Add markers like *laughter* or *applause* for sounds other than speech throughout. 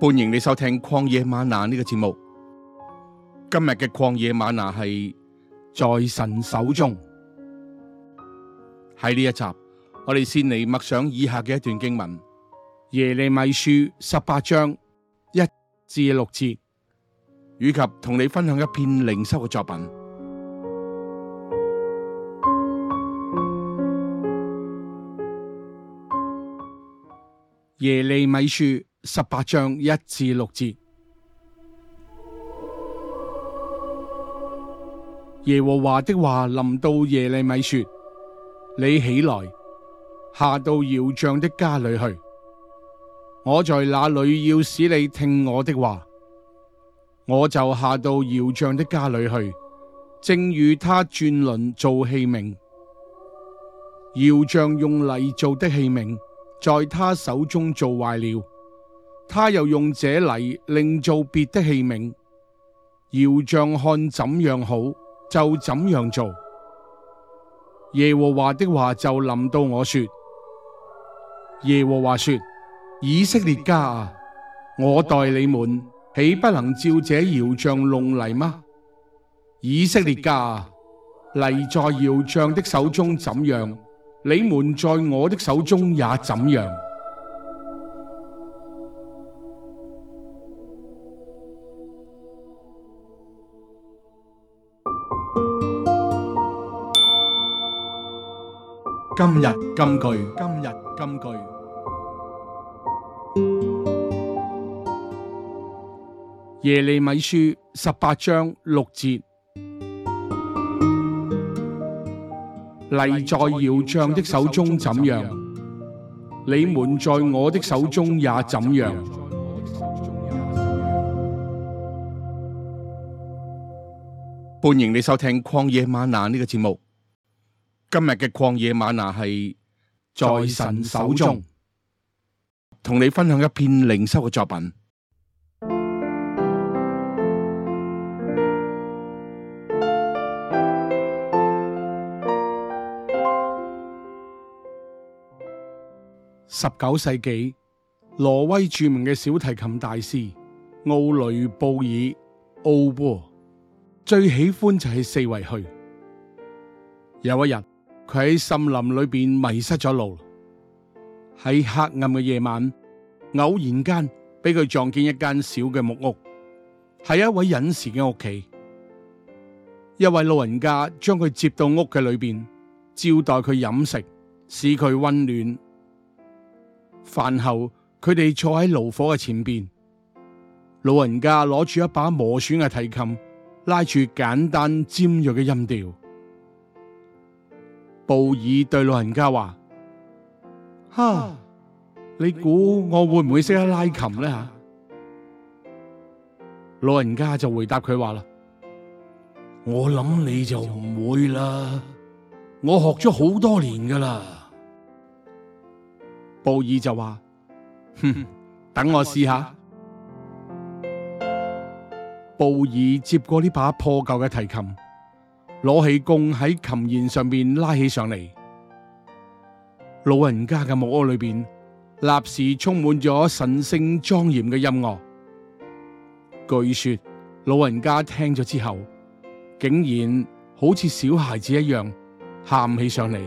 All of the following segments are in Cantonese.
歡迎你收聽曠野嗎哪呢個節目。今日嘅曠野嗎哪係在神手中。喺呢一集，我哋先嚟默想以下嘅一段經文：耶利米書十八章一至六節，以及同你分享一篇靈修嘅作品。耶利米書。十八章一至六節，耶和華的話臨到耶利米說：你起來，下到窑匠的家裏去，我在那裏要使你聽我的話，我就下到窑匠的家裏去，正與他轉輪做器皿，窑匠用泥做的器皿，在他手中做壞了。他又用這泥另做別的器皿，窑匠看怎樣好就怎樣做。耶和華的話就臨到我說：耶和華說，以色列家啊，我待你們豈不能照這窑匠弄泥嗎？以色列家啊，泥在窑匠的手中怎樣，你們在我的手中也怎樣。今日金句，今日金句。耶利米書十八章六節，泥在窰匠的手中怎樣，你們在我的手中也怎樣。歡迎你收聽曠野嗎哪呢個節目。今日嘅曠野嗎哪係在神手中，同你分享一篇靈修嘅作品。十 *noise* 九樂 *music* 世紀挪威著名嘅小提琴大師奧雷布爾奧波，最喜歡就係四圍去。有一日。佢喺森林裏邊迷失咗路，喺黑暗嘅夜晚，偶然間俾佢撞見一間小嘅木屋，係一位隱士嘅屋企。一位老人家將佢接到屋嘅裏邊，招待佢飲食，使佢溫暖。飯後，佢哋坐喺爐火嘅前邊，老人家攞住一把磨損嘅提琴，拉住簡單尖銳嘅音調。布爾對老人家話：哈，你估我會唔會識得拉琴咧？吓，老人家就回答佢話啦：我諗你就唔會啦，我學咗好多年噶啦。布爾就話：哼， *laughs* 等我試下。試下布爾接過呢把破舊嘅提琴。攞起弓喺琴弦上邊拉起上嚟，老人家嘅木屋裏邊，立時充滿咗神聖莊嚴嘅音樂。據說老人家聽咗之後，竟然好似小孩子一樣喊起上嚟。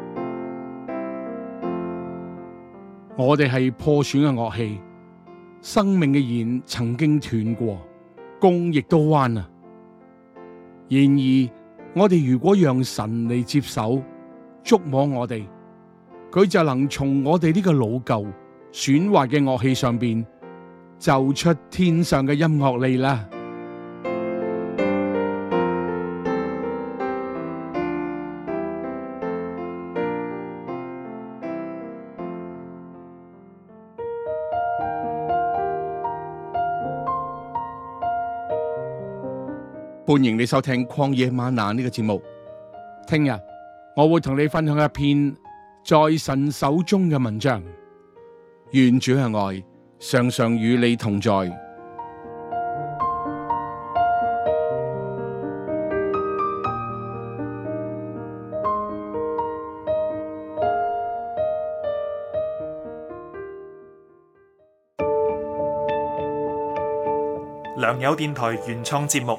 *music* 我哋係破損嘅樂器，生命嘅弦曾經斷過。功亦都彎啊！然而，我哋如果讓神嚟接手、觸摸我哋，佢就能從我哋呢個老舊損壞嘅樂器上邊奏出天上嘅音樂嚟啦。歡迎你收聽曠野嗎哪呢個節目。聽日我會同你分享一篇在神手中嘅文章。願主嘅愛常常與你同在。良友電台原創節目。